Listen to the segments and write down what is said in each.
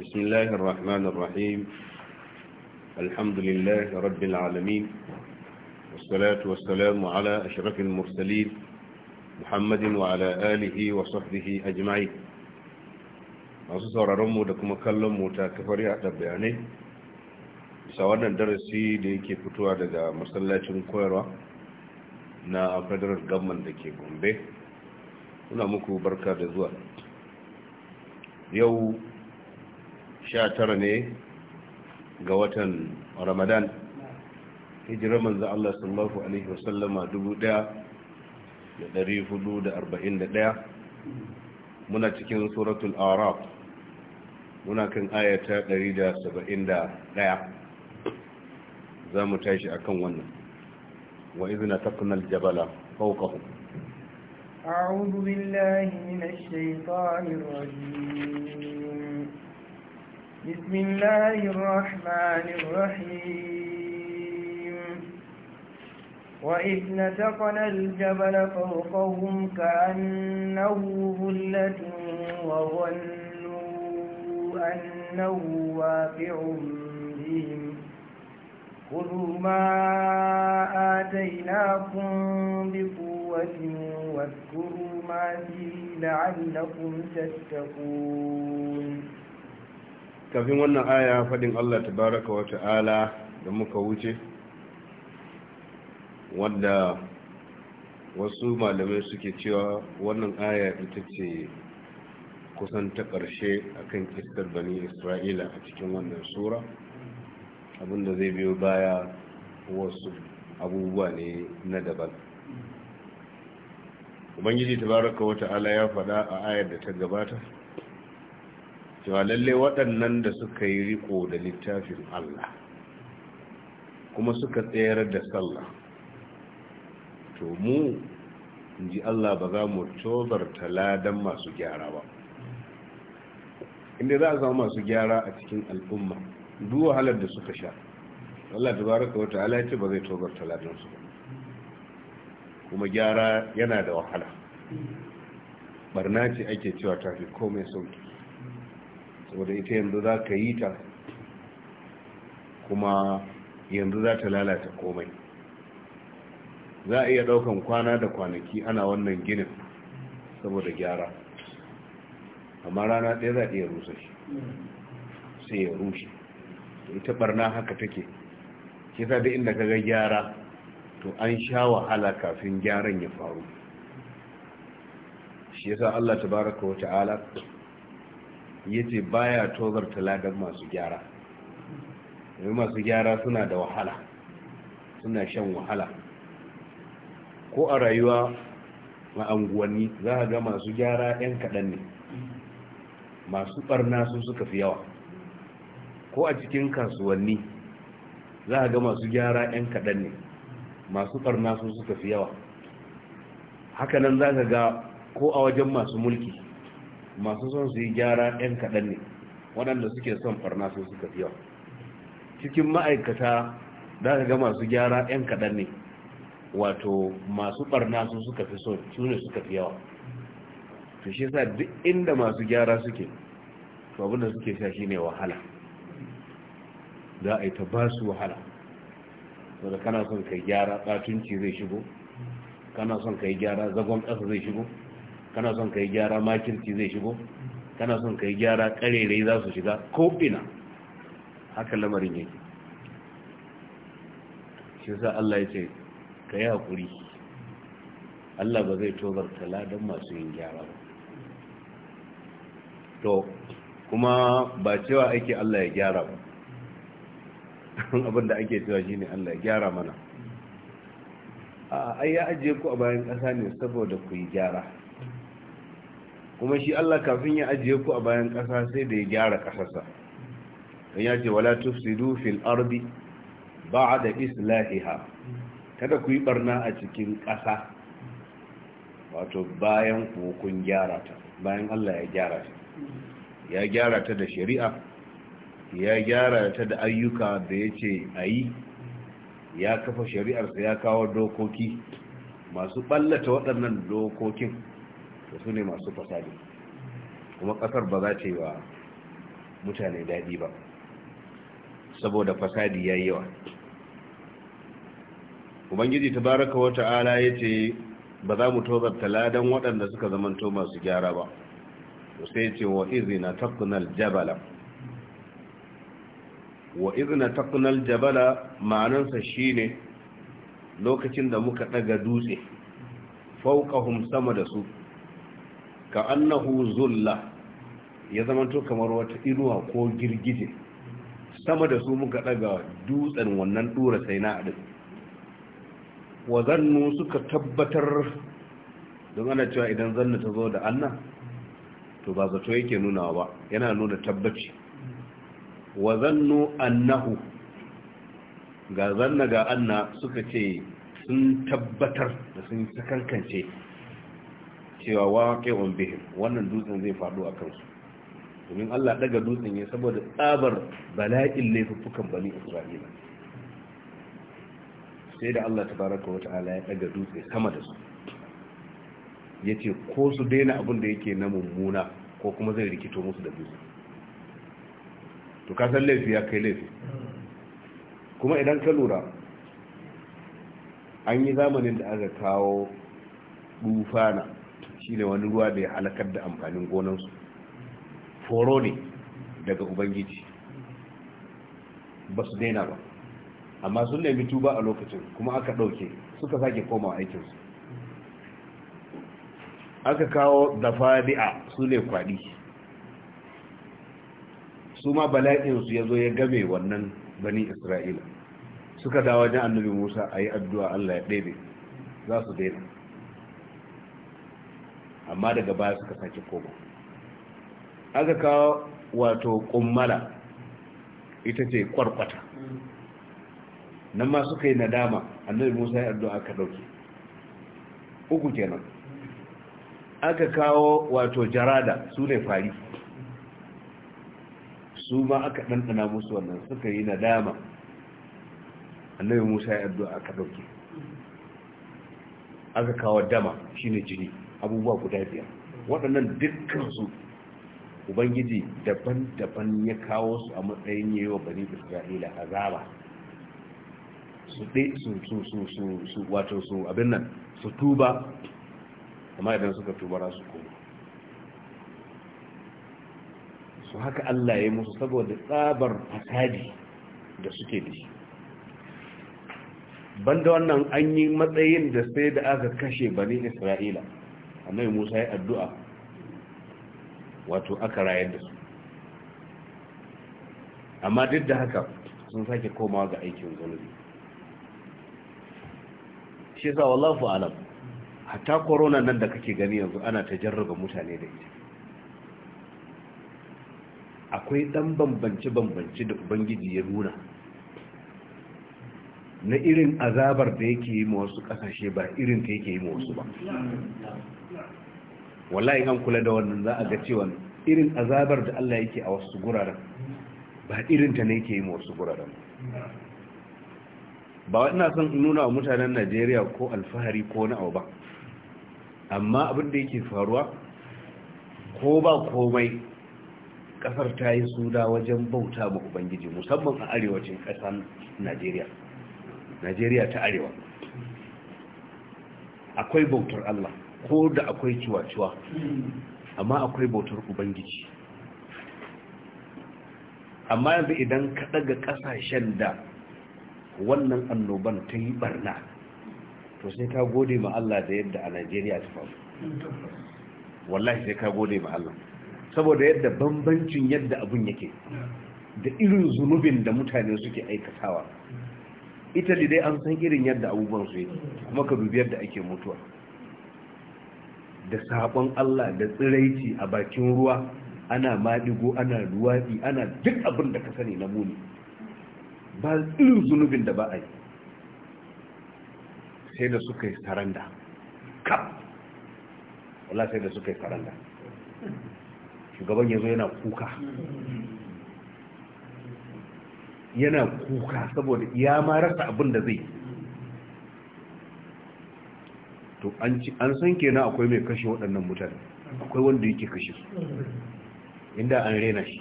بسم الله الرحمن الرحيم الحمد لله رب العالمين والصلاة والسلام على أشرف المرسلين محمد وعلى آله وصحبه أجمعين أصدر رمو دكما كلم متاكفري أعتب يعني سوانا درسي ديكي فتوى دقا مسلاة كويرة na federal government da ke gombe muna muku barka da zuwa yau sha tara ne ga watan ramadan hijirar manzo Allah sallallahu alaihi wasallama 1441 muna cikin suratul araf muna kan ayata 171 za mu tashi akan wannan wa izina taqnal jabala fawqahum أعوذ بالله من الشيطان الرجيم بسم الله الرحمن الرحيم وإذ نتقنا الجبل فوقهم كأنه ظلة وظنوا أنه واقع بهم خذوا ما آتيناكم بقوة واذكروا ما فيه لعلكم تتقون kafin wannan aya faɗin Allah tabaraka wa ta'ala da muka wuce wanda wasu malamai suke cewa wannan aya ita ce kusan ta ƙarshe akan kistar bani isra'ila a cikin wannan sura abinda zai biyo baya wasu abubuwa ne na daban ubangiji tabaraka wa ta'ala ya faɗa a ayar da ta gabata cewa lalle waɗannan da suka yi riko da littafin Allah kuma suka tsayar da sallah to mu in ji Allah ba za mu tozarta ladan masu gyara ba inda za a zama masu gyara a cikin al'umma duk wahalar da suka sha Allah tabaraka wa ta'ala ya ba zai tozarta ladan su ba kuma gyara yana da wahala barna ce ake cewa tafi komai sauki saboda ita yanzu za ka yi ta kuma yanzu za ta lalata komai za a iya daukan kwana da kwanaki ana wannan ginin saboda gyara amma rana ɗaya za a iya rusa shi sai ya rushe ita barna haka take kisa da inda ga gyara to an sha wahala kafin gyaran ya faru shi yasa Allah tabaraka wa ta'ala ya ce baya tozar taladar masu gyara domin masu gyara suna da wahala suna shan wahala ko a rayuwa ma'anguwanni za a ga masu gyara 'yan kaɗan ne masu ɓarna su suka fi yawa ko a cikin kasuwanni za a ga masu gyara 'yan kaɗan ne masu ɓarna su suka fi yawa hakanan za ka ga ko a wajen masu mulki masu son su yi gyara 'yan kaɗan ne waɗanda suke son farna sun suka fi yawa cikin ma'aikata za ka ga masu gyara 'yan kaɗan ne wato masu farna sun suka fi son su ne suka fi yawa to shi yasa duk inda masu gyara suke to abinda suke sha shi ne wahala za a yi ta ba su wahala saboda kana son kai gyara batunci zai shigo kana son kai gyara zagon ƙasa zai shigo kana son ka yi gyara makirci zai shigo kana son ka yi gyara karerai za su shiga ko ina haka lamarin yake shi sa Allah ya ce ka yi haƙuri Allah ba zai tozarta don masu yin gyara ba to kuma ba cewa ake Allah ya gyara ba abinda ake cewa ne Allah ya gyara mana a ya ajiye ku a bayan ƙasa ne saboda ku yi gyara kuma shi Allah kafin ya ajiye ku a bayan ƙasa sai da ya gyara ƙasarsa don ya ce wala tufsidu fil ardi ba'da islahiha kada ku yi barna a cikin ƙasa wato bayan ku kun gyara ta bayan Allah ya gyara ta ya gyara ta da shari'a ya gyara ta da ayyuka da ya ce a yi ya kafa shari'arsa ya kawo dokoki masu ɓallata waɗannan dokokin da su ne masu fasadi kuma kasar ba za ta yi wa mutane daɗi ba saboda fasadi ya yi yawa ubangiji ta wa ta'ala ya ce ba za mu tozarta ladan waɗanda suka zamanto masu gyara ba sai ce wa izina takunan jabala wa izina takunan jabala ma'anansa shine lokacin da muka ɗaga dutse fauƙahun sama da su ka annahu zulla ya zamanto kamar wata inuwa ko girgije sama da su muka daga dutsen wannan dura sai na adin zannu suka tabbatar don ana cewa idan zanna ta zo da anna to ba zato yake nuna ba yana nuna tabbaci Wa zannu annahu ga zanna ga anna suka ce sun tabbatar da sun sakankance cewa waqi'un bihim wannan dutsen zai faɗo a kansu domin Allah daga dutsen ya saboda tsabar bala'in laifuffukan bani Isra'ila sai da Allah tabaraka wata'ala ya daga dutse sama da su yace ko su daina abin da yake na mummuna ko kuma zai rikito musu da dutse to ka san laifi ya kai laifi kuma idan ka lura an yi zamanin da aka kawo dufana shine wani ruwa da ya halakar da amfanin gonansu foro ne daga ubangiji ba su daina ba amma sun nemi tuba a lokacin kuma aka ɗauke suka sake koma aikinsu aka kawo da dafadi'a su ne kwaɗi su ma bala'insu ya zo ya game wannan bani isra'ila suka dawo wajen annabi musa a yi addu'a allah ya ɗebe za su daina amma daga baya suka sake koma aka kawo wato kummala ita ce kwarkwata nan ma suka yi nadama annabi musa ya addu'a aka dauke uku kenan aka kawo wato jarada su ne fari su ma aka ɗanɗana musu wannan suka yi nadama annabi musa ya addu'a aka dauke aka kawo dama shine jini abubuwa guda biyar waɗannan dukkansu ubangiji daban-daban ya kawo su a matsayin yi wa bani isra'ila azaba su su su su su wato su abin nan su tuba amma idan suka tuba ra su koma su haka allah ya yi musu saboda tsabar fasadi da suke da shi banda wannan an yi matsayin da sai da aka kashe bani isra'ila annabi musa ya addu'a wato aka rayar da su amma duk da haka sun sake komawa ga aikin zunubi shi yasa wallahu alam hatta corona nan da kake gani yanzu ana ta jarraba mutane da ita akwai dan bambance-bambance da ubangiji ya nuna na irin azabar da yake yi wasu kasashe ba irin ta yake yi wasu ba wallahi an kula da wannan za a ga cewa irin azabar da Allah yake a wasu guraren ba irin ta ne yake yi wasu guraren ba ina son nuna wa mutanen Najeriya ko alfahari ko na ba amma abin da yake faruwa ko ba komai kasar ta yi suda wajen bauta ma ubangiji musamman a arewacin kasar Najeriya najeriya ta arewa akwai bautar allah ko da akwai ciwa-ciwa amma akwai bautar ubangiji amma yanzu idan ka daga kasashen da wannan annoban ta yi barna to sai ka gode ma Allah da yadda a Najeriya ta faru wallahi sai ka gode ma Allah saboda yadda bambancin yadda abun yake da irin zunubin da mutane suke aikatawa italy dai an san irin yadda abubuwan su yake kuma ka dubi yadda ake mutuwa da sabon allah da tsiraici a bakin ruwa ana maɗigo ana ruwaɗi ana duk abin da ka sani na muni ba irin zunubin da ba a yi sai da suka yi saranda kap wala sai da suka yi saranda shugaban yanzu yana kuka yana kuka saboda ya ma rasa abin da zai to an san kenan akwai mai kashe waɗannan mutane akwai wanda yake kashe su inda an rena shi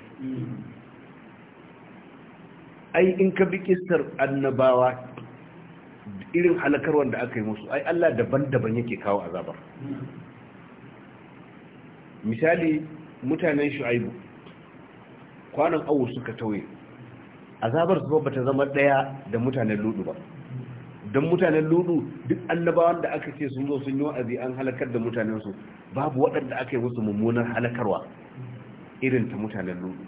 ai in ka bi kistar annabawa irin halakar wanda aka yi musu ai Allah daban-daban yake kawo azabar misali mutanen shu'aibu kwanan awu suka tauye azabar su ba ta zama daya da mutanen ludu ba don mutanen ludu duk annabawan da aka ce sun zo sun yi wa'azi an halakar da mutanen su babu waɗanda aka yi wasu mummunar halakarwa irin ta mutanen ludu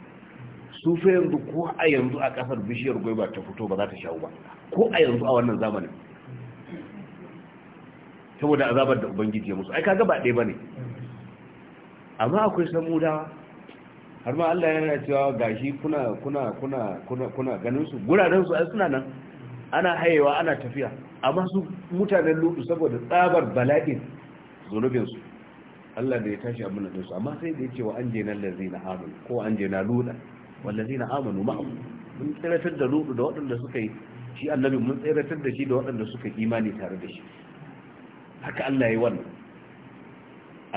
su fa yanzu ko a yanzu a kasar bishiyar gwaiba ta fito ba za ta shawo ba ko a yanzu a wannan zamanin saboda azabar da ubangiji ya musu ai kaga ba ɗaya ne amma akwai samudawa har ma Allah yana cewa gashi kuna kuna kuna kuna ganin su guraren su ai suna nan ana hayewa ana tafiya amma su mutanen lutu saboda tsabar bala'in zunubin su Allah da ya tashi abin da su amma sai da yake ce wa anjena allazina amanu ko anjena lutu wallazina amanu ma'a mun tsiratar da lutu da waɗanda suka yi shi annabi mun tsiratar da shi da waɗanda suka yi imani tare da shi haka Allah ya yi wannan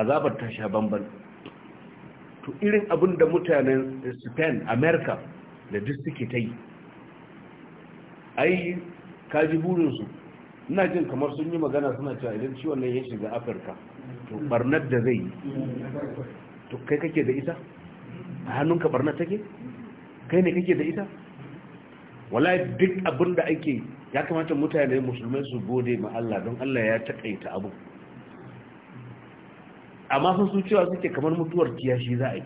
azabar ta sha bamban to irin abin da mutanen spain america da duk suke ta yi ai kaji burinsu ina jin kamar sun yi magana suna cewa idan ciwon nan ya shiga afirka to barnar da zai yi to kai kake da ita a hannunka barnar take kai ne kake da ita wala duk abin da ake ya kamata mutane musulmai su gode ma Allah don Allah ya takaita abu amma sun su cewa suke kamar mutuwar kiyashi za a yi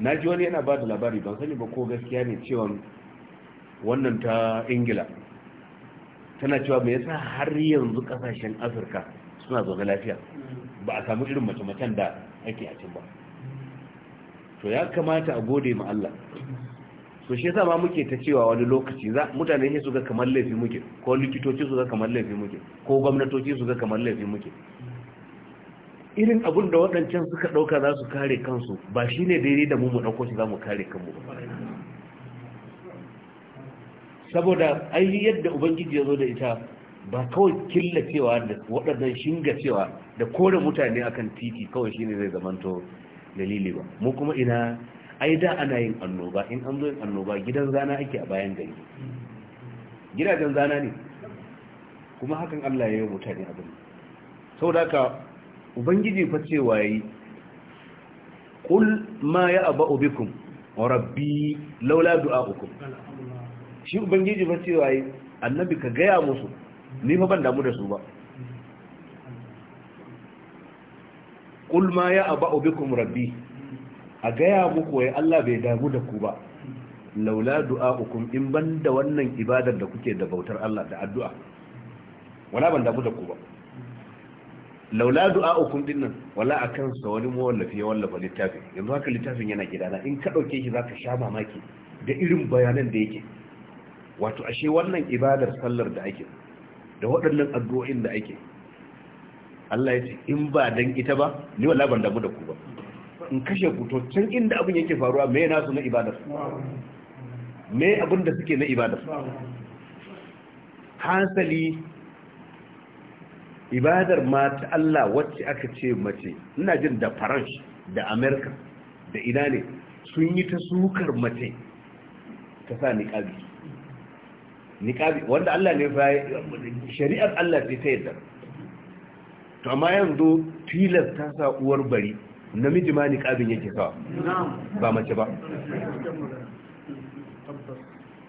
na ji wani yana ba da labari ban sani ba ko gaskiya ne cewa wannan ta ingila tana cewa me yasa har yanzu kasashen afirka suna zaune lafiya ba a samu irin mace-macen da ake a ba to ya kamata a gode ma Allah so shi yasa ma muke ta cewa wani lokaci za mutane ne su ga kamar laifi muke ko likitoci su ga kamar laifi muke ko gwamnatoci su ga kamar laifi muke irin abun da waɗancan suka ɗauka za su kare kansu ba shi ne daidai da mu mu ɗauko shi za mu kare kanmu ba. saboda ainihin yadda ubangiji ya zo da ita ba kawai killacewa da waɗannan shinga cewa da kore mutane akan titi kawai shi ne zai zamanto dalili ba mu kuma ina ai da ana yin annoba in an zo yin annoba gidan zana ake a bayan gari gidajen zana ne kuma hakan allah ya yi mutane abin sau da ubangiji fa ce waye, kul ma ya abu obikun rabbi laula du'a shi ubangiji fa ce waye annabi ka gaya musu ni fa ban damu da su ba kul ma ya abu bikum rabbi a gaya muku wai Allah bai damu da ku ba laula du'a in ban da wannan ibadar da kuke da bautar Allah da addu'a wala ban damu da ku ba laula ukun din nan wala akan sa wani mu wallafi ya wallafa littafin yanzu haka littafin yana gidana in ka dauke shi zaka sha mamaki da irin bayanan da yake wato ashe wannan ibadar sallar da ake da waɗannan addu'o'in da ake Allah ya ce in ba dan ita ba ni wala ban damu da ku ba in kashe buto can inda abin yake faruwa me nasu na ibadar me abin da suke na ibadar hasali ibadar ma ta Allah wacce aka ce mace ina jin da faransh da amerika da ina ne sun yi ta sukar mace ta sa niƙabi niƙabi wanda Allah ne fa shari'ar Allah ce ta yadda to amma yanzu tilas ta sa uwar bari namiji ma niƙabin yake sawa ba mace ba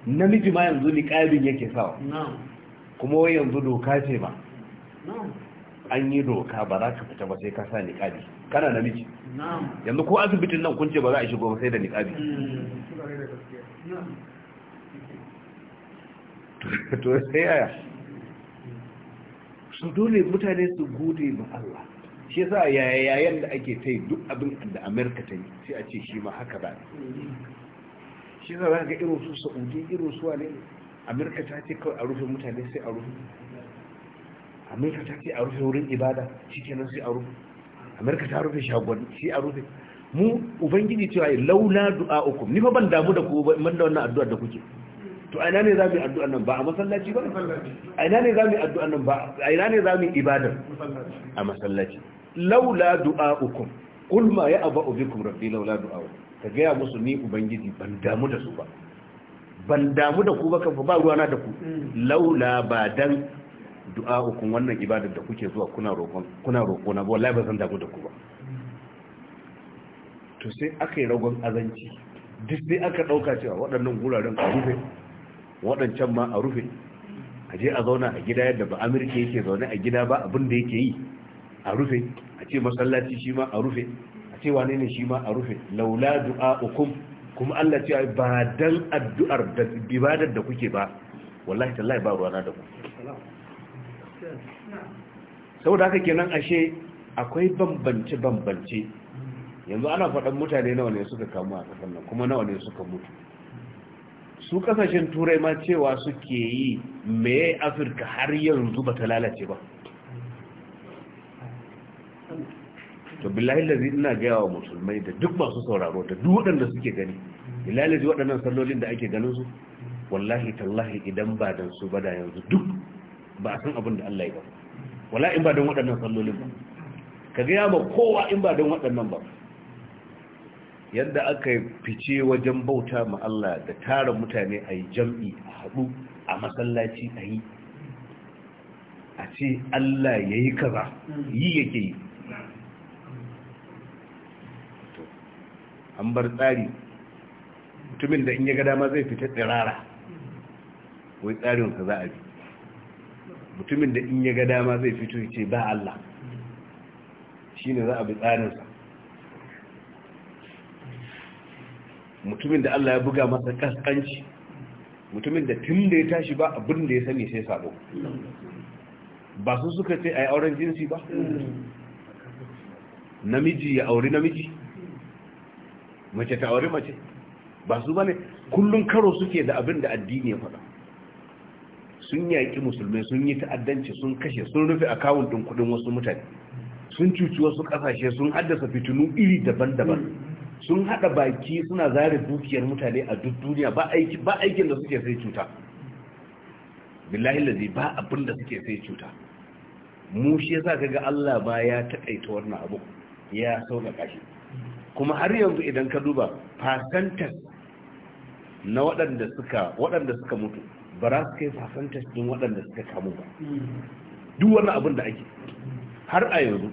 namiji ma yanzu niƙabin yake sawa kuma wai yanzu doka ce ba an yi doka ba za ka fita ba sai ka sa niƙabi kana namiji yanzu ko asibitin nan kun ce ba za a shigo ba sai da niƙabi hmm. to sai yaya su dole mutane su gode ma Allah shi yasa yayayen da ake ta duk abin da Amerika ta yi sai a ce shi ma haka ba shi za a ga irin su Saudi irin su ne Amerika ta ce kawai a rufe mutane sai a rufe amerika ta ce a rufe wurin ibada shi kenan sai a rufe amerika ta rufe shagon sai a rufe mu ubangiji cewa laula du'a uku ni fa ban damu da ku ban da wannan addu'ar da kuke to aina ne za mu yi addu'an nan ba a masallaci ba aina ne za mu yi addu'an nan ba aina ne za mu yi ibadar a masallaci laula du'a Kulma ya ma ya'ba'u bikum rabbi laula du'a uku ka gaya musu ni ubangiji ban damu da su ba ban damu da ku ba kan ba ruwana da ku mm. laula ba dan Du'a ukun wannan ibadar da kuke zuwa kuna roƙon kuna roƙo na wallahi ba zan dago da ku ba to sai aka yi ragon azanci duk sai aka ɗauka cewa waɗannan guraren a rufe waɗancan ma a rufe a je a zauna a gida yadda ba amurka yake zaune a gida ba abin da yake yi a rufe a ce masallaci shi ma a rufe a ce wane ne shi ma a rufe laula du'a du'a'ukum kuma Allah ce ba dan addu'ar da ibadar da kuke ba wallahi tallahi ba ruwana da ku saboda haka kenan ashe akwai bambance bambance yanzu ana faɗan mutane nawa ne suka kamu a ƙasar nan kuma nawa ne suka mutu su kasashen turai ma cewa suke yi mai afirka har yanzu ba ta lalace ba to billahi lazi ina gaya wa musulmai da duk masu sauraro da duk waɗanda suke gani billahi lazi waɗannan sallolin da ake ganin su wallahi tallahi idan ba dan su ba da yanzu duk ba san abin da Allah ya ba wala in ba don waɗannan sallolin ba ka gaya ma kowa in ba don waɗannan ba yadda aka fice wajen bauta ma Allah da tara mutane a yi jam'i a haɗu a masallaci a yi a ce Allah ya yi kaza yi yake yi an bar tsari mutumin da in ya ga dama zai fita tsirara wai tsarin ka za a bi mutumin da in ya ga dama zai fito ya ce ba Allah shi ne za a bi tsarinsa mutumin da Allah ya buga masa kaskanci mutumin da tun da ya tashi ba abin da ya sani sai sabo ba su suka ce a yi auren jinsi ba namiji ya auri namiji mace ta auri mace ba su ba ne kullum karo suke da abin da addini ya faɗa sun yaƙi musulmai sun yi ta'addanci sun kashe sun rufe akawun ɗin kuɗin wasu mutane sun cuci wasu ƙasashe sun haddasa fitinu iri daban-daban sun haɗa baki suna zare dukiyar mutane a duk duniya ba aikin da suke sai cuta billahi lazi ba abin da suke sai cuta mu shi yasa kaga Allah ba ya takaita wannan abu ya sauƙaƙa shi kuma har yanzu idan ka duba fasantar na waɗanda suka waɗanda suka mutu ba za su kai fasanta cikin waɗanda suka kamu ba duk wani abin da ake har a yanzu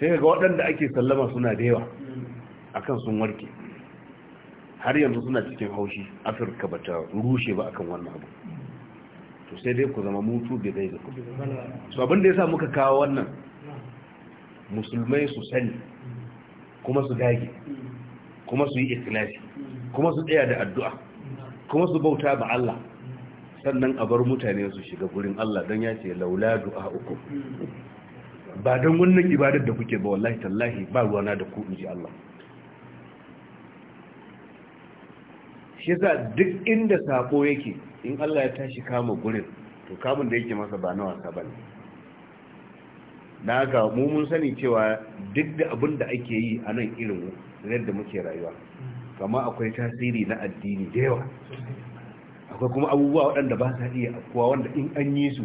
sai ga waɗanda ake sallama suna da yawa akan sun warke har yanzu suna cikin haushi afirka ba ta rushe ba akan wannan abu to sai dai ku zama mutu bai zai zaku su abin da ya sa muka kawo wannan musulmai su sani kuma su dage kuma su yi ikilasi kuma su tsaya da addu'a kuma su bauta ba Allah sannan a bar mutane su shiga gurin Allah don ya ce laula du'a uku ba don wannan ibadar da kuke ba wallahi tallahi ba ruwana da ku inji Allah shi yasa duk inda sako yake in Allah ya tashi kama gurin to kamun da yake masa ba na wasa ne. Na ga mu mun sani cewa duk da abin da ake yi a nan irin yadda muke rayuwa amma akwai tasiri na addini da yawa akwai kuma abubuwa waɗanda ba sa iya afuwa wanda in an yi su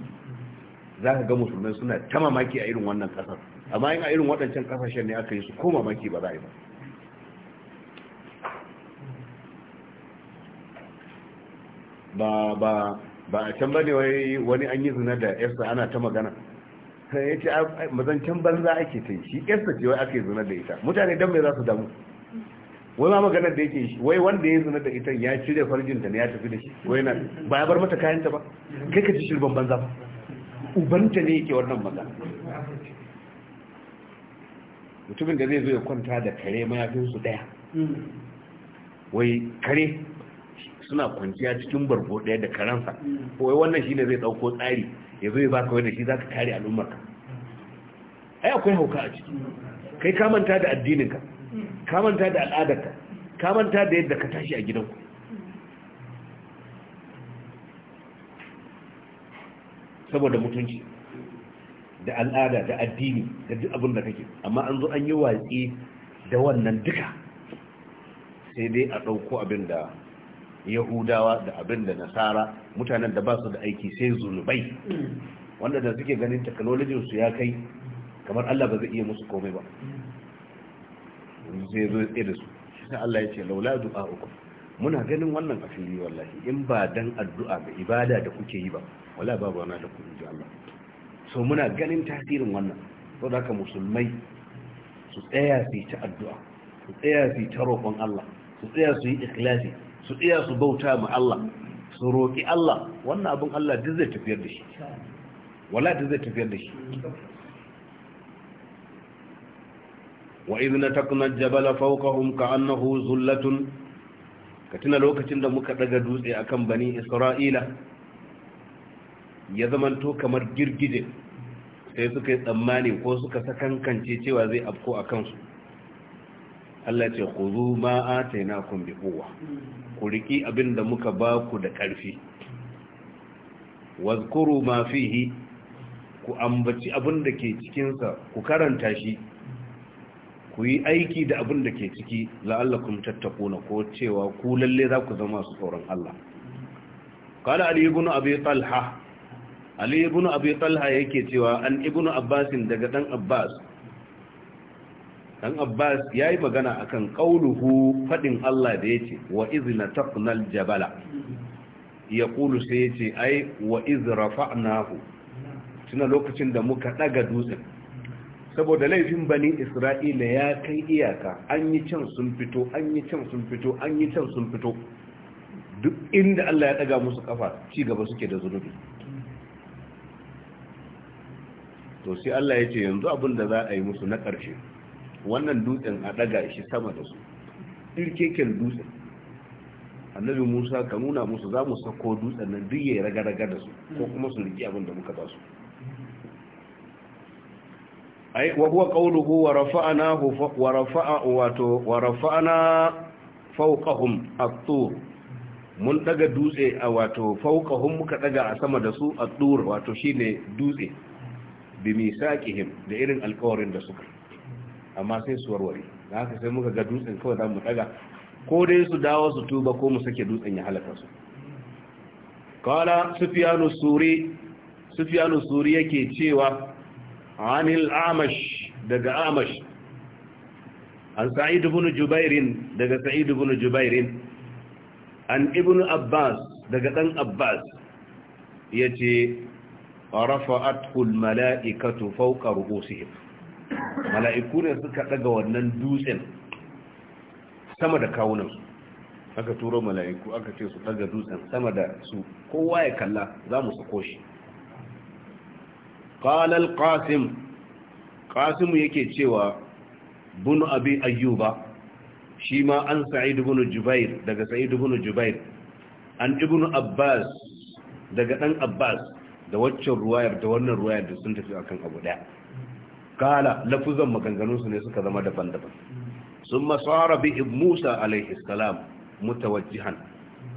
za ka ga musulmai suna ta mamaki a irin wannan ƙasar amma in a irin waɗancan ƙasashen ne aka yi su ko mamaki ba za a yi ba ba ba ba a can bane wani an yi zina da yarsa ana ta magana sai ya ce mazancan banza ake ta yi shi yarsa ce wai aka yi zina da ita mutane don mai za su damu wai ma maganar da yake shi wai wanda ya zina da ita ya cire farjin ta ne ya tafi da shi wai na ba ya bar mata kayan ta ba kai ka ji shirban banza ba ubanta ne yake wannan maza mutumin da zai zo ya kwanta da kare mayafin su daya wai kare suna kwanciya cikin barko daya da karansa wai wannan shine zai dauko tsari ya zo ya baka wani shi zaka kare al'ummarka ai akwai hauka a ciki kai ka manta da addininka ka manta da al'adarka ka da yadda ka tashi a gidanku saboda mutunci da al'ada da addini da duk abin da kake amma an zo an yi watsi da wannan duka sai dai a ɗauko abin da yahudawa da abin da nasara mutanen da ba su da aiki sai Zulubai, wanda da suke ganin teknolojinsu ya kai kamar allah ba zai iya musu komai ba zai zo da su sai Allah ya ce laula du'a uku muna ganin wannan a fili wallahi in ba dan addu'a ga ibada da kuke yi ba wala babu wani da kuke ji Allah so muna ganin tasirin wannan ko da musulmai su tsaya su ta addu'a su tsaya su ta roƙon Allah su tsaya su yi ikhlasi su tsaya su bauta ma Allah su roƙi Allah wannan abin Allah duk zai tafiyar da shi wala duk zai tafiyar da shi وإذ نتقنا الجبل فوقهم كأنه ذلة كتنا لوكتن دا مكا دغدوس أكم بني إسرائيل ya zamanto kamar girgije sai suka yi tsammani ko suka sakankance cewa zai afko a kansu Allah ce ku zo ma a taina kun ku riki abin muka baku da ƙarfi wazkuru ma fihi ku ambaci abin da ke cikinsa ku karanta shi ku yi aiki da abin da ke ciki la'allakum tattaquna ko cewa ku lalle za ku zama su tsoron Allah qala ali ibn abi talha ali ibn abi talha yake cewa an ibn abbas daga dan abbas dan abbas yayi magana akan qauluhu fadin Allah da yace wa izna taqnal jabala yaqulu sai yace ai wa iz rafa'nahu tuna lokacin da muka ɗaga dutsen saboda laifin bani isra'ila ya kai iyaka an yi can sun fito an yi can sun fito an yi can sun fito duk inda Allah ya daga musu kafa ci gaba suke da zunubi to sai Allah ya ce yanzu abin da za a yi musu na ƙarshe wannan dutsen a daga shi sama da su irkeken dutsen annabi Musa ka nuna musu za mu sako dutsen nan duk yi raga-raga da su ko kuma su riƙe abin da muka ba su ai wa huwa qawluhu wa rafa'nahu wa rafa'a to wa rafa'na fawqahum at-tur mun daga dutse a wato fawqahum muka daga a sama da su at-tur wato shine dutse bi misaqihim da irin alƙawarin da suka amma sai su warware haka sai muka ga dutsen kawai za mu daga ko dai su dawo su tuba ko mu sake dutsen ya halaka su qala sufyanu suri sufyanu suri yake cewa anil amash daga amash an sa'id ibn jubairin daga sa'id ibn jubairin an ibn abbas daga dan abbas yace rafa'atul mala'ikatu fawqa ru'usihim mala'iku ne suka daga wannan dutsen sama da kawunansu aka turo mala'iku aka ce su daga dutsen sama da su kowa ya kalla za mu sako shi qalal qasim qasim yake cewa bin abi ayyuba shi ma an sa'id ibn jubair daga sa'id ibn jubair an ibn abbas daga dan abbas da waccan ruwayar da wannan ruwayar da sun tafi akan abu daya kala lafuzan maganganun su ne suka zama daban-daban sun masara bi musa alaihi salam mutawajjihan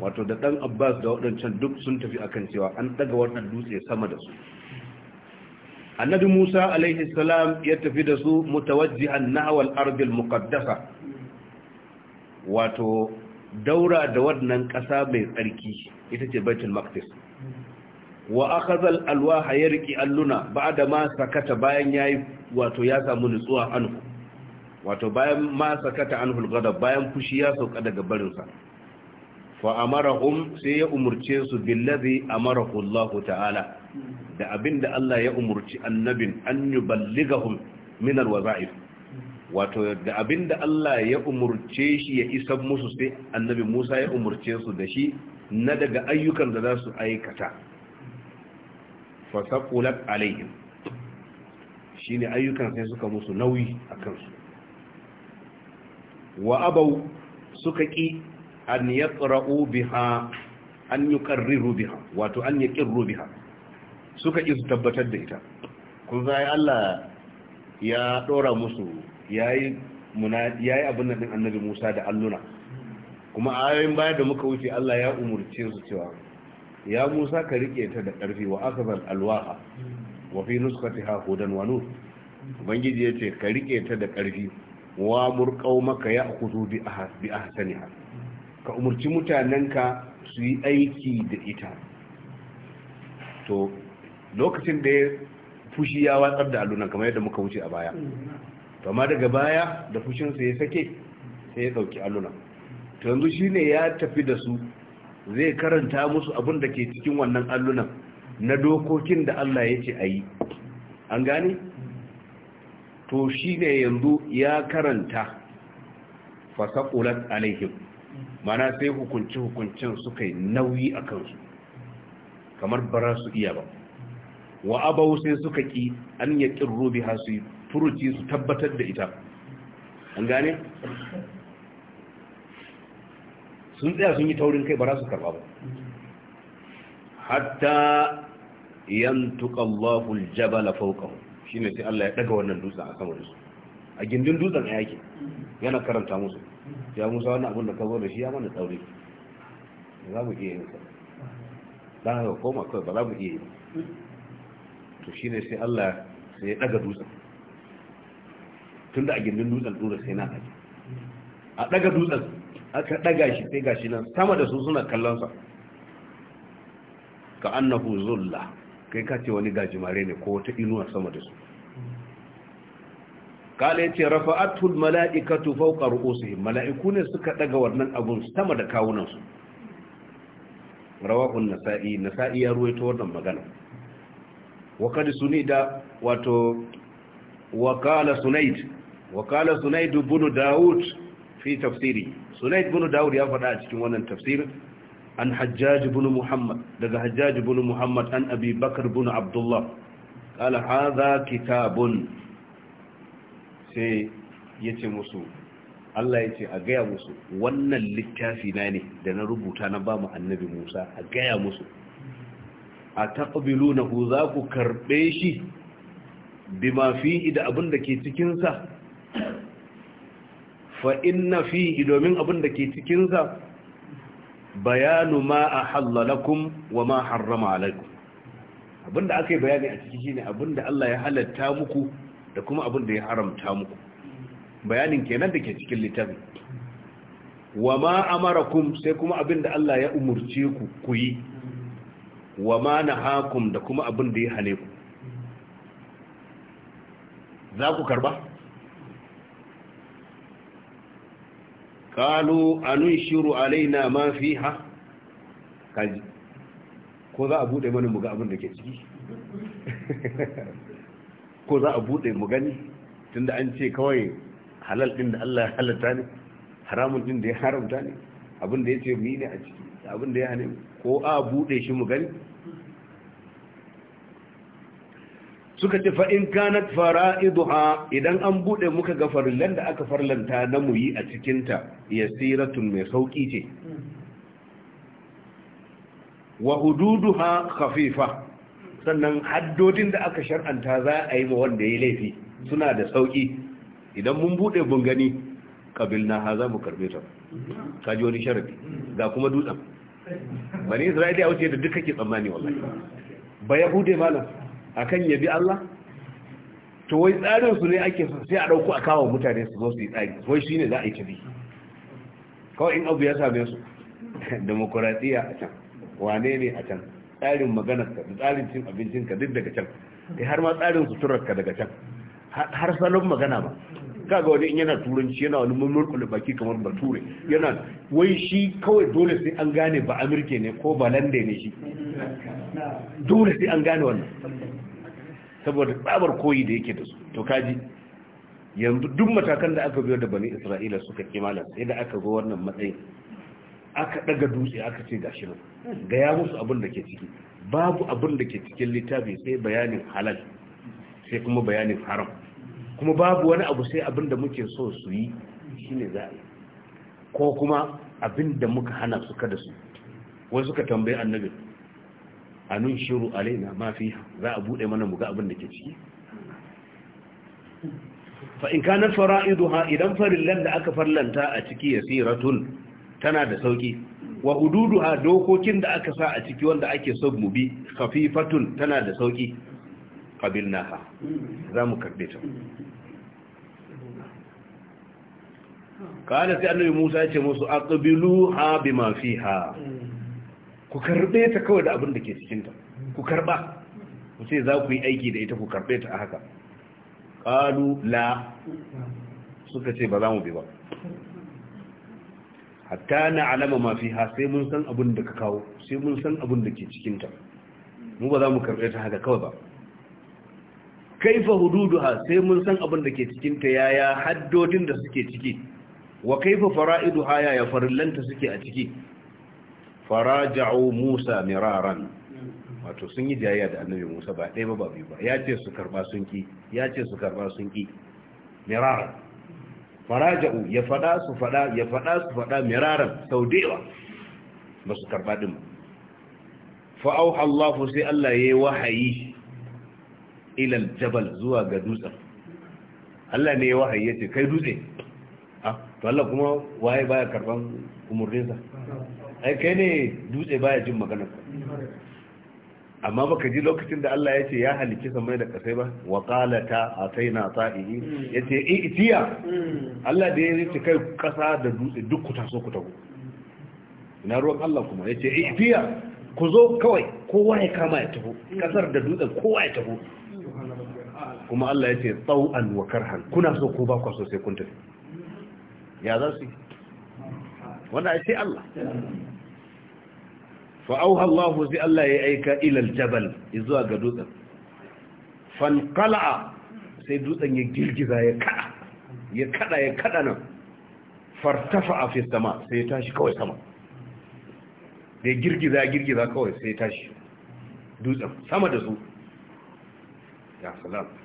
wato da dan abbas da waɗancan duk sun tafi akan cewa an daga wannan dutse sama da su annabi Musa alaihi salam ya tafi da su mutawajjihan nahwal Arbil muqaddasa wato daura da wannan ƙasa mai tsarki ita ce baitul maqdis wa akhadha alwaha yarqi alluna ba'da ma sakata bayan yayi wato ya samu nutsuwa anhu wato bayan ma sakata anhu al bayan fushi ya sauka daga barin sa fa amarahum sai ya umurce su billazi amarahu Allah ta'ala da abinda Allah ya umurci annabin an yuballighahum min alwaza'if wato da abinda Allah ya umurce shi ya isa musu sai annabin Musa ya umurce su da shi na daga ayyukan da za su aikata fasaqulat shi ne ayyukan sai suka musu nauyi a kansu wa abau suka ki an yaqra'u biha an biha wato an yaqirru biha suka ƙi su tabbatar da ita kun zai Allah ya ɗora musu ya yi abin nan annabi musa da alluna kuma a ayoyin baya da muka wuce Allah ya umurce su cewa ya musa ka riƙe ta da ƙarfi wa akazal alwaha wa fi nuskatiha hudan wa nur ubangiji ya ce ka riƙe ta da ƙarfi wa murƙau maka ya kudu bi ahsaniha ka umurci mutanenka su yi aiki da ita to lokacin da ya fushi ya watsar da allunan kamar yadda muka wuce a baya to amma daga baya da fushinsa ya sake sai ya ɗauki allunan to yanzu shine ya tafi da su zai karanta musu abin da ke cikin wannan allunan na dokokin da Allah ya ce a yi an gane to shine yanzu ya karanta fasaqulat alaihim mana sai hukunci hukuncin suka yi nauyi a kansu kamar ba su iya ba wa abau sai suka ki an ya kirro biha su furuci su tabbatar da ita an gane sun tsaya sun yi taurin kai ba za su karba ba hatta yantuka Allahu al-jabala fawqahu shine sai Allah ya daga wannan dutsen a saman su a gindin dutsen a yake yana karanta musu ya Musa wannan abin da ka zo da shi ya mana tsauri za mu iya yin sa dan haka koma kai ba za mu iya yi to shine sai Allah sai ya daga dutsen tunda a gindin dutsen dura sai na haji a daga dutsen aka daga shi sai gashi nan sama da su suna kallon sa ka annahu zulla kai ka ce wani gajimare ne ko wata inuwa sama da su kala ce rafa'atul mala'ikatu fawqa ru'usihim mala'iku ne suka daga wannan abun sama da kawunan su rawahu nasa'i nasa'i ya ruwaito wannan magana wa kad sunida wato wa qala sunaid wa qala sunaid ibn daud fi tafsiri sunaid ibn daud ya faɗa a cikin wannan tafsirin an hajjaj ibn muhammad daga hajjaj ibn muhammad an abi bakr ibn abdullah qala hadha kitabun sai yace musu Allah yace a gaya musu wannan littafi na ne da na rubuta na ba mu annabi Musa a gaya musu a na ku za ku karbe shi bima fihi da abin da ke cikinsa fa'in na inna fihi domin abin da ke cikinsa bayanu ma ahalla lakum wa ma harrama alaikum da aka yi bayani a ciki shine da Allah ya halatta muku da kuma da ya haramta muku bayanin kenan da ke cikin littafi wa ma amara amarakum sai kuma abin da Allah ya umurce ku ku yi wa ma nahakum da kuma abin da ya hane ku za ku karba kalu anun shiru alaina ma fiha kaji ko za a bude mana muga abin da ke ciki ko za a bude mu gani tunda an ce kawai halal din da Allah ya halatta ne haramun din da ya haramta ne abin da ya ce mu a ciki abin da ya hane ko a bude shi mu gani suka ce fa'in kanat fara'iduha idan an buɗe muka ga farillan da aka farlanta na muyi a cikinta ya siratun mai sauƙi ce wa hududuha khafifa sannan haddodin da aka shar'anta za a yi ma wanda ya yi laifi suna da sauƙi idan mun buɗe bun gani ƙabilna ha za mu karɓe ta kaji wani sharafi ga kuma dutsen bani isra'ila ya wuce da duka ke tsammani wallahi ba yahude malam akan bi Allah to wai tsarin su ne ake sai a dauko a kawo mutane su zo su yi tsari wai shine za a yi tabi kawai in abu ya same su demokradiya a can wane ne a can tsarin maganar ka tsarin cin abincin ka duk daga can kai har ma tsarin suturar ka daga can har salon magana ba kaga wani in yana turanci yana wani mulmul baki kamar bature yana wai shi kawai dole sai an gane ba amurke ne ko ba lande ne shi dole sai an gane wannan saboda tsabar koyi da yake da su to kaji yanzu duk matakan da aka biyo da bani isra'ila suka kimala sai da aka zo wannan matsayin aka daga dutse aka ce gashi nan gaya musu abin da ke ciki babu abin da ke cikin littafi sai bayanin halal sai kuma bayanin haram kuma babu wani abu sai abin da muke so su yi shine za a yi ko kuma abin da muka hana su kada su wai suka tambayi annabi a nun shiru alaina ma fi za a bude mana muga abin da ke ciki fa in kana fara'iduha idan farillan da aka farlanta a ciki yasiratun tana da sauki wa hududuha dokokin da aka sa a ciki wanda ake so mu bi khafifatun tana da sauki qabilnaha mu karbe ta قال سي النبي موسى يتي ha اقبلوها بما ha. ku karɓe ta kawai da abin da ke cikinta ku karɓa ku ce za ku yi aiki da ita ku karɓe ta a haka ƙalu la suka ce ba za mu bi ba hatta na alama mafi ha sai mun san abin da ka kawo sai mun san abin da ke cikinta mu ba za mu karbe ta haka kawai ba kaifa hududuha sai mun san abin da ke cikinta yaya haddodin da suke ciki wa kaifa fara'iduha yaya farillanta suke a ciki faraja'u Musa miraran wato sun yi jayayya da annabi Musa ba ɗaya ba ba biyu ba ya ce su karba sun ki ya ce su karba sun ki miraran faraja'u ya fada su fada ya fada su fada miraran sau dewa ba su karba din fa auha Allah sai Allah yayi wahayi ila aljabal zuwa ga dutsen Allah ne ya wahayi yace kai dutse ah to Allah kuma waye baya karban umurninsa ai kai ne dutse baya jin magana amma baka ji lokacin da Allah ya ce ya halicci samai da kasai ba wa qalata ataina ce, yace itiya Allah da ya ce kai kasa da dutse duk ku taso ku tago ina ruwan Allah kuma ya ce itiya ku zo kawai kowa ya kama ya taho kasar da dutsen kowa ya taho kuma Allah ya ce tsau'an wa karhan kuna so ko ba ku so sai kun tafi ya za su yi wannan sai Allah fa auha Allah sai Allah ya aika ila aljabal zuwa ga dutsen fanqala sai dutsen ya girgiza ya kada ya kada ya kada nan fartafa fi sama sai ya tashi kawai sama da girgiza girgiza kawai sai ya tashi dutsen sama da su ya salama.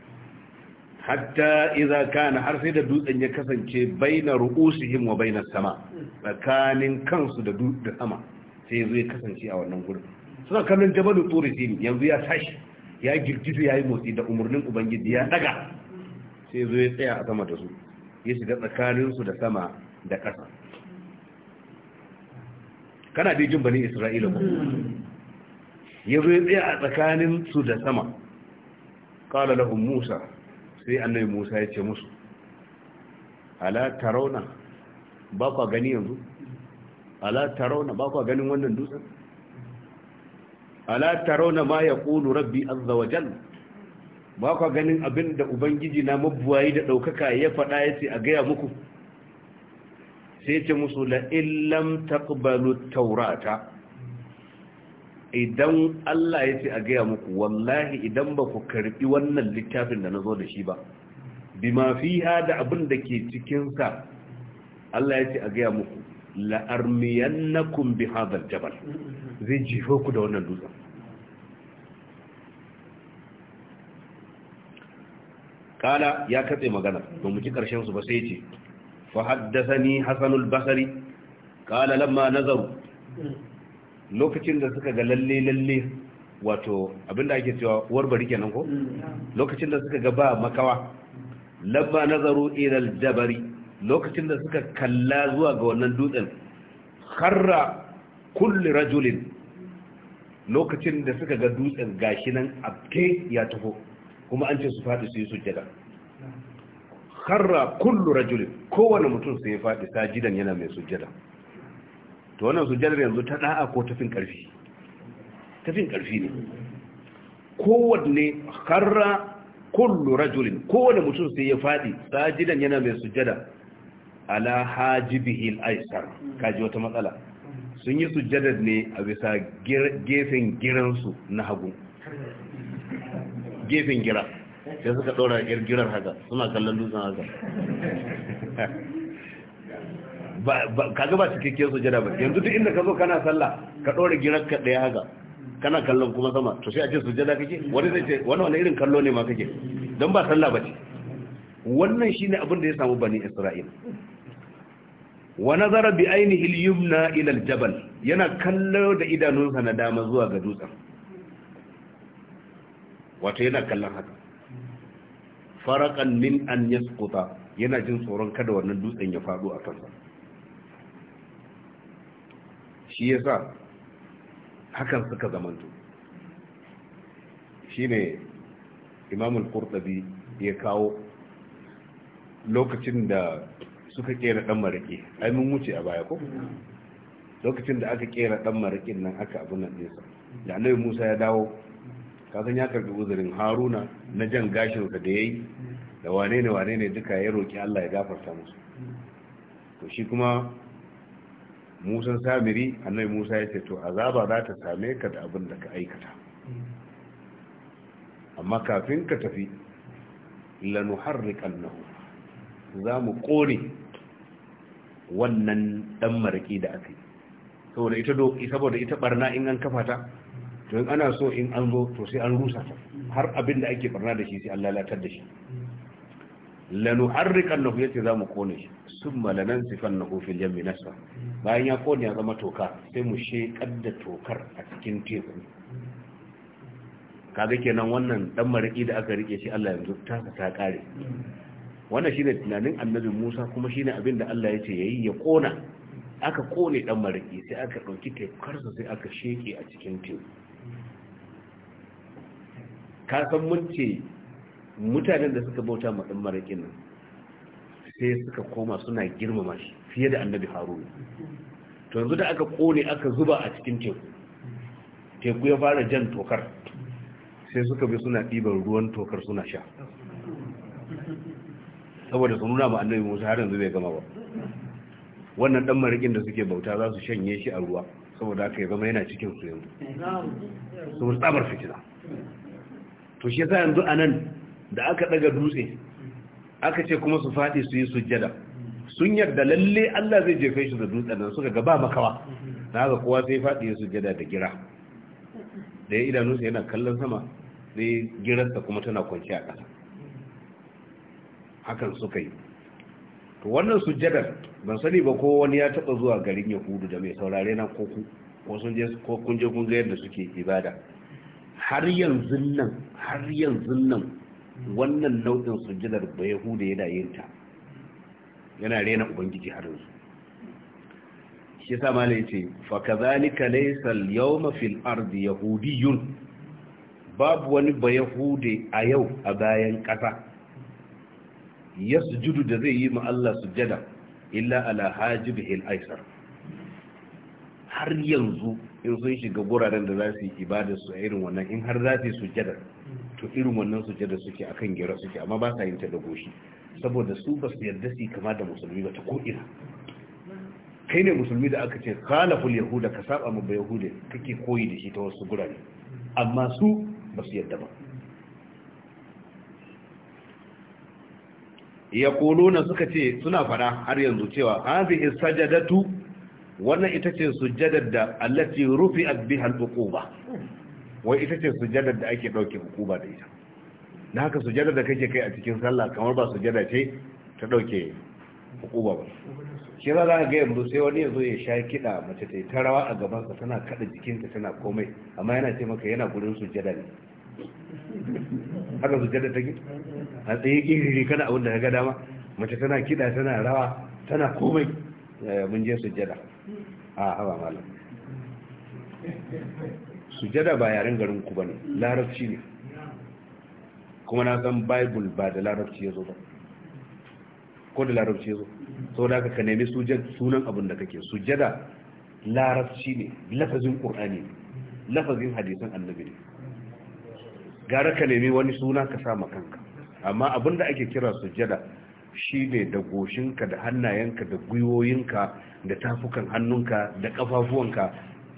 hatta iza kana har sai da dutsen ya kasance baina ru'usihim wa baina sama tsakanin kansu da da sama sai ya ya kasance a wannan gurin suna kallon jabalu turi sin yanzu ya tashi ya girgizo yayi motsi da umurnin ubangiji ya daga sai ya tsaya a sama da su ya shiga tsakanin su da sama da ƙasa kana da jin bani isra'ila ko ya ya tsaya a tsakanin su da sama qala lahum musa sai annabi musa ya ce musu ala tarauna ba kwa gani yanzu ala tarauna ba kwa ganin wannan dutsen ala tarauna ma ya ƙunu rabbi azza wa jalla ba kwa ganin abin da ubangiji na mabuwayi da ɗaukaka ya faɗa ya ce a gaya muku sai ce musu la illam taqbalu taurata idan Allah ya ce a gaya muku wallahi idan ba ku karbi wannan littafin da na zo da shi ba ma fi da abin da ke cikinsa Allah ya ce a gaya muku la'armiyannakum bi hadal jabal zai jifo ku da wannan dutsen kala ya katse magana ba mu ji karshen su ba sai ce fa haddathani hasanul basri kala lamma nazaru lokacin da suka ga lalle lalle wato abinda ake cewa uwar bari kenan ko lokacin da suka ga ba makawa labba nazaru ila al lokacin da suka kalla zuwa ga wannan dutsen kharra kulli rajulin lokacin da suka ga dutsen gashi nan abke ya taho kuma an ce su faɗi su yi sujjada kharra kullu rajulin kowane mutum sai ya faɗi sajidan yana mai sujjada to wannan sujjadar yanzu ta da'a ko tafin karfi tafin karfi ne kowanne karra kullu rajulin kowanne mutum sai ya fadi sajidan yana mai sujada, ala hajibihi al-aysar kaji wata matsala sun yi sujjadar ne a bisa gefen giransu na hagu gefen gira sai suka ɗora girgirar haka suna kallon dutsen haka kaga ba cikakken sujada ba yanzu duk inda ka zo kana sallah ka ɗora girar ka ɗaya haka kana kallon kuma sama to sai a ce sujada kake wani zai ce wani wani irin kallo ne ma kake don ba sallah ba ce wannan shi abin da ya samu bani isra'il wa nazara bi ainihi al-yumna ila al-jabal yana kallo da idanunsa na dama zuwa ga dutsen wato yana kallon haka farakan min an yasquta yana jin tsoron kada wannan dutsen ya faɗo a kansa shi ya sa hakan suka zamanto shi ne al kurtabi ya kawo lokacin da suka kera dan marake ai mun wuce a baya ko lokacin da aka kera dan marakin nan aka abu nan nesa da annabi Musa ya dawo kasan ya karbi uzurin Haruna na jan gashin da da yi da wane ne wane ne duka ya roki Allah ya gafarta musu to shi kuma musan samiri annabi musa ya ce to azaba za ta same ka da abin da ka aikata amma kafin ka tafi lanu harrikan nahu za mu kone wannan dan maraki da aka saboda ita do saboda ita barna in an kafa ta to in ana so in an zo to sai an rusa ta har abin da ake barna da shi sai an lalatar da shi lanu harrikan nahu yace za mu kone shi Sun sifan na في na نسفا bayan ya kone ya zama toka sai mu shekar da tokar a cikin teku kaga kenan wannan dan mariki da aka rike shi Allah yanzu ta ta kare wannan shine tunanin annabi Musa kuma shine abin da Allah ya ce yayi ya kona aka kone dan mariki sai aka dauki tokar sa sai aka sheke a cikin teku ka san mun ce mutanen da suka bauta ma dan marikin nan sai suka koma suna girmama shi fiye da annabi haruna to yanzu da aka kone aka zuba a cikin teku teku ya fara jan tokar sai suka bi suna ɗiban ruwan tokar suna sha saboda sun nuna ba annabi musa har yanzu bai gama ba wannan dan marikin da suke bauta za su shanye shi a ruwa saboda haka ya zama yana cikin su yanzu su tsabar fitina to shi yasa yanzu anan da aka daga dutse aka ce kuma su faɗi su yi sujjada sun yarda lalle Allah zai jefe shi da dutsen nan suka gaba makawa na ga kowa sai faɗi ya sujjada da gira da ya idanunsa yana kallon sama sai girarsa kuma tana kwanci a ƙasa hakan suka yi to wannan sujjadar ban sani ba ko wani ya taɓa zuwa garin yahudu da mai saurare na koku ko sun je ko kun je kun ga yadda suke ibada har yanzu nan har yanzu nan Mm. wannan nau'in sujjadar ba yahuda yana yin ta yana rena ubangiji har yanzu shi sa malai yace fa kadhalika laysa al-yawma fil ardi yahudiyyun babu wani ba yahude a yau a bayan kasa sujudu da zai yi ma Allah sujjada illa ala hajibihil aisar har yanzu in sun shiga guraren da za su yi ibada su a irin wannan in har za su yi sujjadar to irin wannan sujada suke akan gero suke amma ba sa yin ta da goshi saboda su ba su yarda su kama da musulmi ba ta ko'ina kai ne musulmi da aka ce khalaful yahuda ka saba mu ba yahuda kake koyi da shi ta wasu gurare amma su ba su yarda ba yaquluna suka ce suna fara har yanzu cewa hadhihi sajadatu wannan ita ce sujjadar da allati rufi biha al-uquba wai ita ce sujjadar da ake dauke hukuba da ita na haka sujjadar da kake kai a cikin sallah kamar ba sujjada ce ta dauke hukuba ba shi za ka ga yanzu sai wani zo ya sha kiɗa mace ta yi ta rawa a gaban sa tana kada jikinta tana komai amma yana ce maka yana gurin sujjada ne haka sujjada gida a tsaye kiri kana abin da ka ga dama mace tana kiɗa, tana rawa tana komai mun je sujjada a haba malam sujada ba yaren garin ku ba ne, larabci ne kuma na san bible ba da larabci ya zo ba ko da larabci ya zo sau da ka nemi sunan abin da kake sujada larabci ne lafazin ƙur'ani ne lafazin hadisan annabi ne gara ka nemi wani suna ka sa kanka amma abin da ake kira sujada shi ne da goshinka da hannayenka da gwiwoyinka da tafukan hannunka da kafafuwanka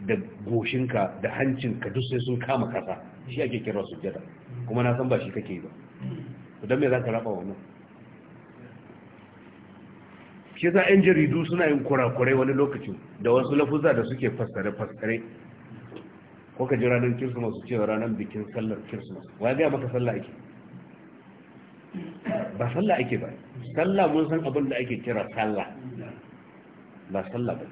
da goshinka da hancinka duk sai sun kama kasa shi ake kira sujjada kuma na san ba shi kake yi ba don me za ka raba wannan shi za 'yan jaridu suna yin kurakurai wani lokaci da wasu lafuza da suke fassare-fassare ko ka ji ranar kirsimus su ce ranar bikin sallar kirsimus wa ya gaya maka sallah ake ba sallah ake ba sallah mun san abin da ake kira sallah ba sallah ba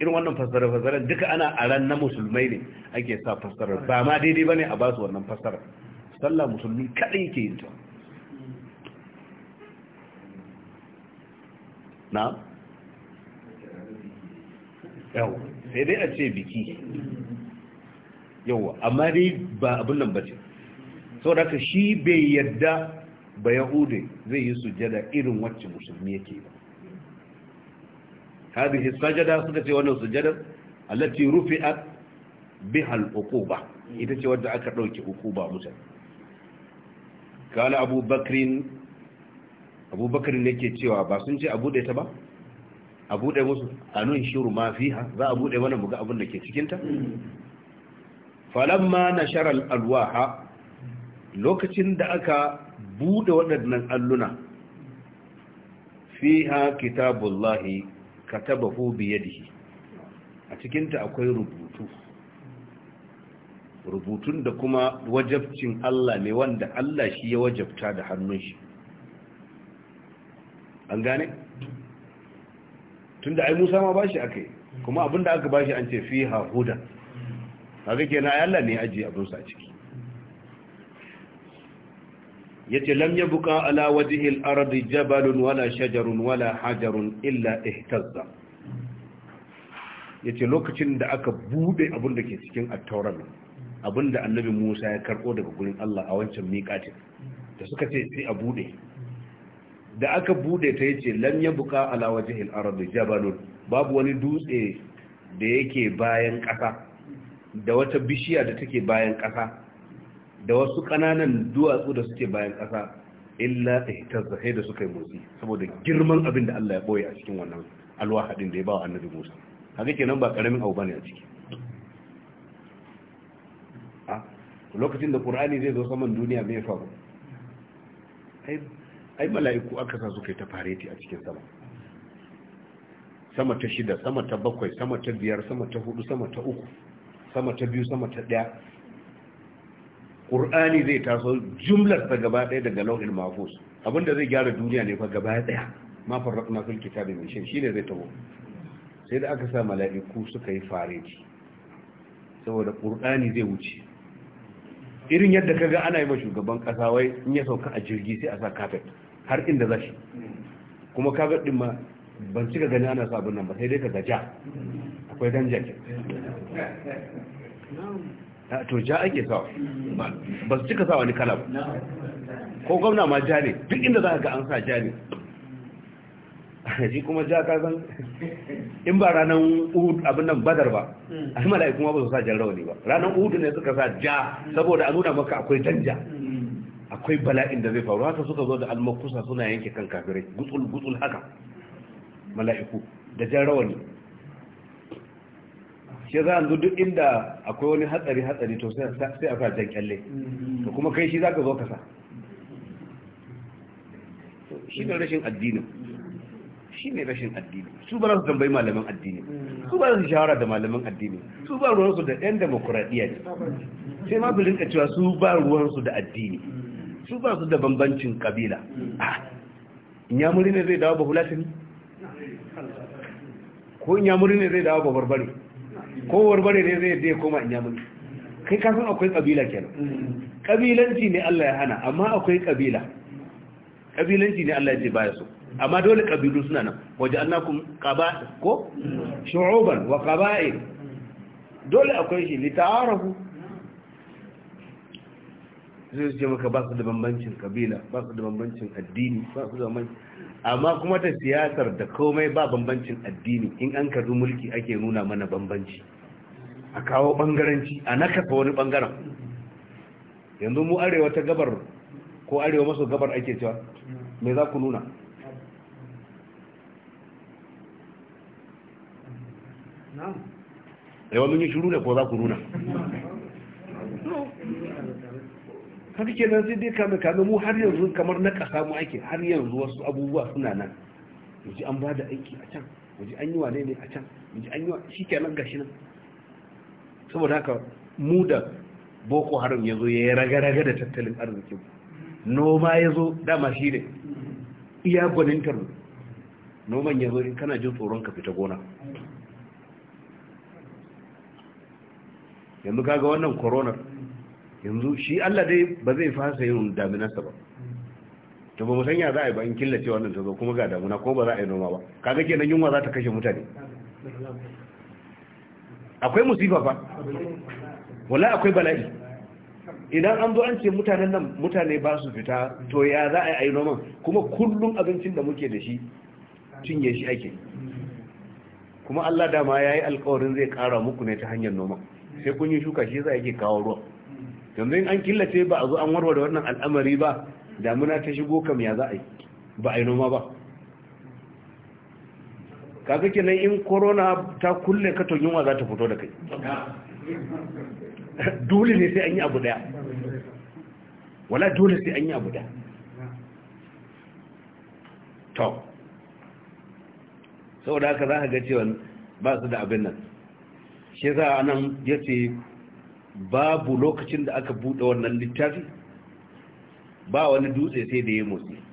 irin wannan fassara-fassaren duka ana a ran na musulmai ne ake sa fassarar ba ma daidai ba ne a basu wannan fassarar sallah musulmi kaɗai ke yin ta na? yau sai dai a ce biki yau amma dai ba abin nan ba ce sau da shi bai yadda ba yahude zai yi sujada irin wacce musulmi yake ba hadhihi sajada suka ce wannan sujjadar allati rufi'at biha al-uquba ita ce wadda aka dauke hukuma mutane kala Abu Bakrin Abu Bakrin yake cewa ba sun ce abu da ta ba a buɗe musu anun shiru ma fiha za a buɗe mana muga abin da ke cikin ta? falamma na al alwaha lokacin da aka bude waɗannan alluna fiha kitabullahi katabahu biyadihi a cikinta akwai rubutu rubutun da kuma wajabcin Allah ne wanda Allah shi ya wajabta da hannun shi an gane tunda ai Musa ma bashi akai kuma abinda aka bashi an ce fiha huda haka kenan ai Allah ne ya ajiye abin sa ciki yace lam yabqa ala wajhi al-ardi jabalun wala shajarun wala hajarun illa ihtazza yace lokacin da aka bude abin da ke cikin at abin da annabi Musa ya karbo daga gurin Allah a wancan miqatin da suka ce sai a bude da aka bude ta yace lam buka ala wajhi al-ardi jabalun babu wani dutse da yake bayan ƙasa, da wata bishiya da take bayan ƙasa. da wasu ƙananan duwatsu da suke bayan ƙasa illa ihtazza sai da suka yi motsi saboda girman abin da Allah ya ɓoye a cikin wannan alwahadin da ya ba wa annabi Musa haka kenan ba ƙaramin abu bane a ciki a lokacin da ƙur'ani zai zo saman duniya me faru ai mala'iku aka sa suka yi ta fareti a cikin sama sama ta shida sama ta bakwai sama ta biyar sama ta hudu sama ta uku sama ta biyu sama ta daya ƙur'ani zai taso jumlar ta gaba ɗaya daga lauhin mafus abinda zai gyara duniya ne fa gaba ɗaya ma sun kita da mishin shi shine zai taho sai da aka sa mala'iku suka yi fareji saboda ƙur'ani zai wuce irin yadda ka ga ana yi ma shugaban ƙasa wai in ya sauka a jirgi sai a sa kafet har inda za shi kuma kafet ɗin ma ban cika gani ana sa abin nan ba sai dai ka gaja akwai danja to ja ake sawa ba su cika sawa ni kala ba ko gwamna ma ja ne duk inda za ga an sa ja ne shi kuma ja ka san in ba ranar uhud abin nan badar ba a yi mala'i kuma ba su sa jan rawani ba ranar uhud ne suka sa ja saboda a nuna maka akwai danja. akwai bala'in da zai faru haka suka zo da almakusa suna yanke kan kafirai gutsul gutsul haka mala'iku da jan rawani shi za a zo duk inda akwai wani hatsari hatsari to sai a sa jan kyalle to kuma kai shi za ka zo ka sa shi ne rashin addinin shi ne rashin addini su ba su tambayi malaman addini su ba su shawara da malaman addini su ba ruwansu da 'yan demokuraɗiyya ne sai ma su rinka cewa su ba ruwansu da addini su ba su da bambancin kabila in ne zai dawo ba hulatini ko in yamuri ne zai dawo ba barbare kowar bare ne zai yadda koma in yamuri kai kasan akwai kabila kenan kabilanci ne Allah ya hana amma akwai kabila kabilanci ne Allah ya ce baya so amma dole kabilu suna nan waje annakum qaba ko shu'uban wa qaba'il dole akwai shi li ta'arufu zai ce maka ba su da bambancin kabila ba su da bambancin addini ba su da bambancin amma kuma ta siyasar da komai ba bambancin addini in an karbi mulki ake nuna mana bambanci a kawo bangaranci a kafa wani bangaren yanzu mu arewa ta gabar ko arewa maso gabar ake cewa mai za ku nuna yawa mun yi shuru ne ko za ku nuna haka ke nan sai dai kame kame mu har yanzu kamar na kasa mu ake har yanzu wasu abubuwa suna nan waje an ba da aiki a can waje an yi wane ne a can waje an yi wa shi nan gashi nan saboda haka mu da boko haram ya zo ya yi raga da tattalin arzikin noma ya zo dama shi ne iya gwanintar noman ya zo in kana jin tsoron ka fita gona yanzu kaga wannan coronar yanzu shi allah dai ba zai fasa yin daminarsa ba to ba musan ya za a yi ba in killace wannan ta zo kuma ga damuna ko ba za a yi noma ba kaga kenan yunwa za ta kashe mutane akwai musifa fa wala akwai bala'i idan an zo an ce mutanen nan mutane ba su fita to ya za a yi noman kuma kullum abincin da muke da shi cinye shi ake kuma Allah dama ya yi alkawarin zai kara muku ne ta hanyar noman sai kun yi shuka shi za yake kawo ruwa yanzu in an killace ba a zo an warware wannan al'amari ba damuna ta shigo kam ya za a yi ba a yi noma ba kaga kenan in corona ta kulle katon yunwa za ta fito da kai dole ne sai an yi abu daya wala dole sai an yi abu daya to saboda aka za ga cewa ba su da abin nan shi za a nan ya babu lokacin da aka buɗe wannan littafi ba wani dutse sai da ya motsi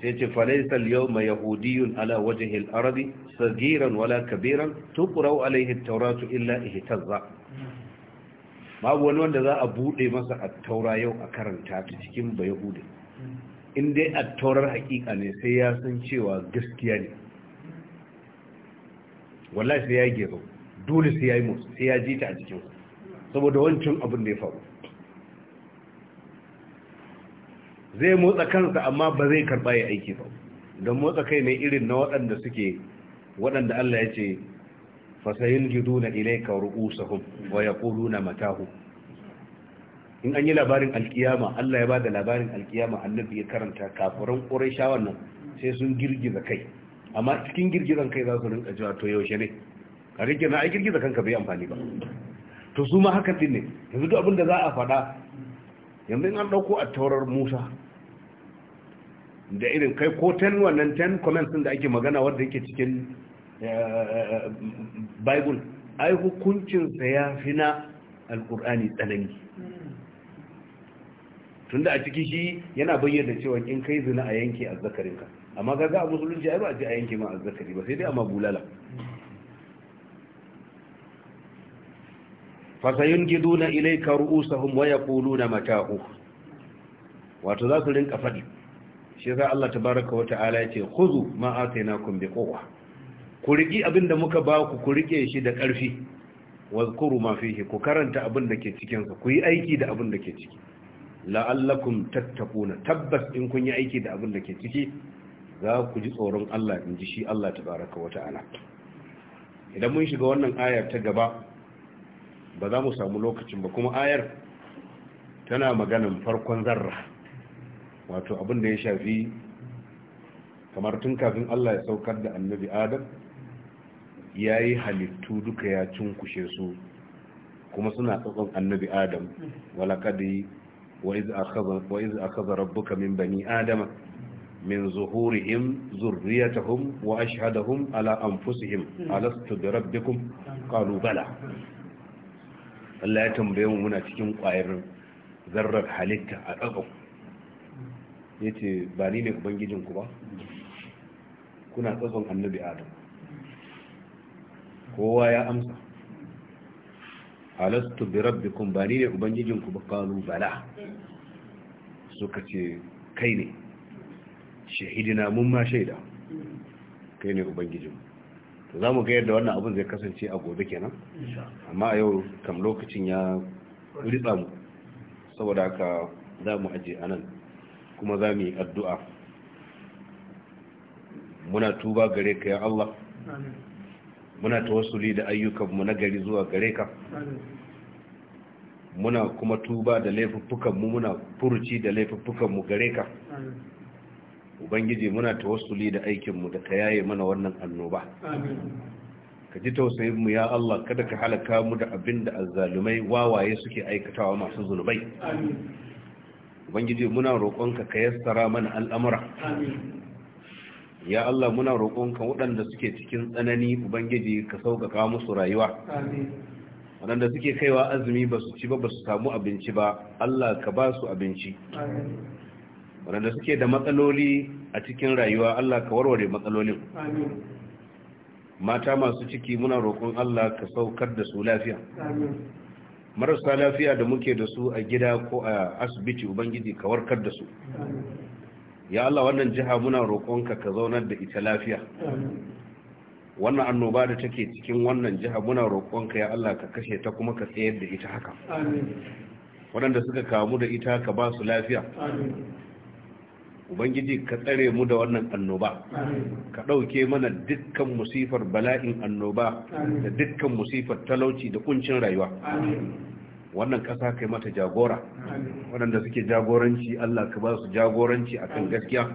sai ce falaisal yau mai yahudiyun ala wajahil arabi sagiran wala kabiran tukurau alaihi tauratu illa tazza babu wani wanda za a bude masa a taura yau a karanta ta cikin ba yahudi in dai taurar hakika ne sai ya san cewa gaskiya ne wallahi sai ya yi gero dole sai ya yi motsi sai ya ji ta a cikin saboda wancan abin da ya faru zai motsa kansa amma ba zai karba ya aiki ba don motsa kai ne irin na waɗanda suke waɗanda Allah ya ce fasayin gidu na ilaika ru'usahum wa na matahu in an yi labarin alkiyama Allah ya ba da labarin alkiyama annabi ya karanta ƙorai shawar nan sai sun girgiza kai amma cikin girgizan kai za su rinka cewa to yaushe ne a rike na ai girgiza kanka bai amfani ba to su ma haka din ne yanzu duk abin da za a faɗa yanzu in an ɗauko a taurar Musa da irin kai ko ten wannan ten comments din da ake magana wanda yake cikin eh, bible ai hukuncinsa ya fi na alkur'ani tsanani tunda a ciki shi yana bayyana cewa in kai zina a yanke azzakarinka amma ga a musulunci ai ba a ji a yanke ma azzakari ba sai dai amma bulala fasayin giduna ilaika waya wa yaquluna matahu wato za su rinka faɗi shi yasa Allah tabaraka wa ta'ala yace khuzu ma atainakum bi ku riki abinda muka ba ku ku rike shi da ƙarfi wazkuru ma fihi ku karanta abin da ke cikin ku yi aiki da abin da ke ciki la'allakum tattaquna tabbas in kun yi aiki da abin da ke ciki za ku ji tsoron Allah in ji shi Allah baraka wa ala idan mun shiga wannan ayar ta gaba ba za mu samu lokacin ba kuma ayar tana maganan farkon zarra wato abin da ya shafi kamar tun kafin Allah ya saukar da annabi Adam ya yi halittu duka ya cunkushe su kuma suna tsatson annabi Adam walakadi wa iz akhadha rabbuka min bani adama min zuhurihim zurriyatahum wa ashhadahum ala anfusihim alastu bi rabbikum qalu bala Allah ya tambaye mu muna cikin kwayar zarrar halitta a tsatson ya ce ba ni ne ubangijinku ba kuna tsakon annabi adam kowa ya amsa alastu bi rabbikum ba ni ne ubangijinku ba kalu bala suka ce kai ne shahidina mun ma shaida kai ne ubangijinmu to za mu ga yadda wannan abin zai kasance a gobe kenan amma a yau kam lokacin ya ritsa mu saboda haka za mu aje anan kuma za mu yi addu'a muna tuba gare ka ya Allah muna tawassuli da ayyukanmu na gari zuwa gare ka muna kuma tuba da laifuffukanmu muna furuci da laifuffukanmu gare ka ubangiji muna tawassuli da aikinmu da ka yaye mana wannan annoba ka ji tausayinmu ya Allah kada ka halaka mu da abin da azzalumai wawaye suke aikatawa masu zunubai ubangiji muna roƙonka ka yassara mana al'amura ya Allah muna roƙonka waɗanda suke cikin tsanani ubangiji ka sauƙaƙa musu rayuwa waɗanda suke kaiwa azumi ba su ci ba ba su samu abinci ba Allah ka ba su abinci waɗanda suke da matsaloli a cikin rayuwa Allah ka warware matsalolin mata masu ciki muna roƙon Allah ka saukar da su lafiya marasa lafiya da muke da su a gida ko a asibiti ubangiji ka warkar da su ya Allah wannan jiha muna roƙonka ka zaunar da ita lafiya wannan annoba da take cikin wannan jiha muna roƙonka ya Allah ka kashe ta kuma ka tsayar da ita haka waɗanda suka kamu da ita ka ba su lafiya ubangiji ka tsare mu da wannan annoba ka ɗauke mana dukkan musifar bala'in annoba da dukkan musifar talauci da kuncin rayuwa wannan ƙasa ka kai mata jagora waɗanda suke jagoranci Allah ka ba su jagoranci kan gaskiya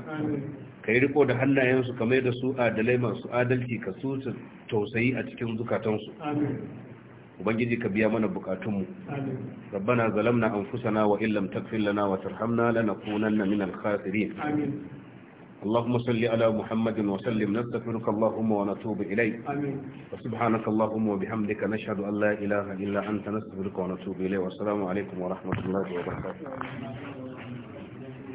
ka yi riko da hannayensu kamar da su adalai masu adalci ka su tausayi a cikin zukatansu ubangiji ka biya mana bukatunmu rabbana zalamna anfusana wa illam taghfir lana wa tarhamna lanakunanna minal khasirin اللهم صل على محمد وسلم نستغفرك اللهم ونتوب إليك آمين وسبحانك اللهم وبحمدك نشهد أن لا إله إلا أنت نستغفرك ونتوب إليك والسلام عليكم ورحمة الله وبركاته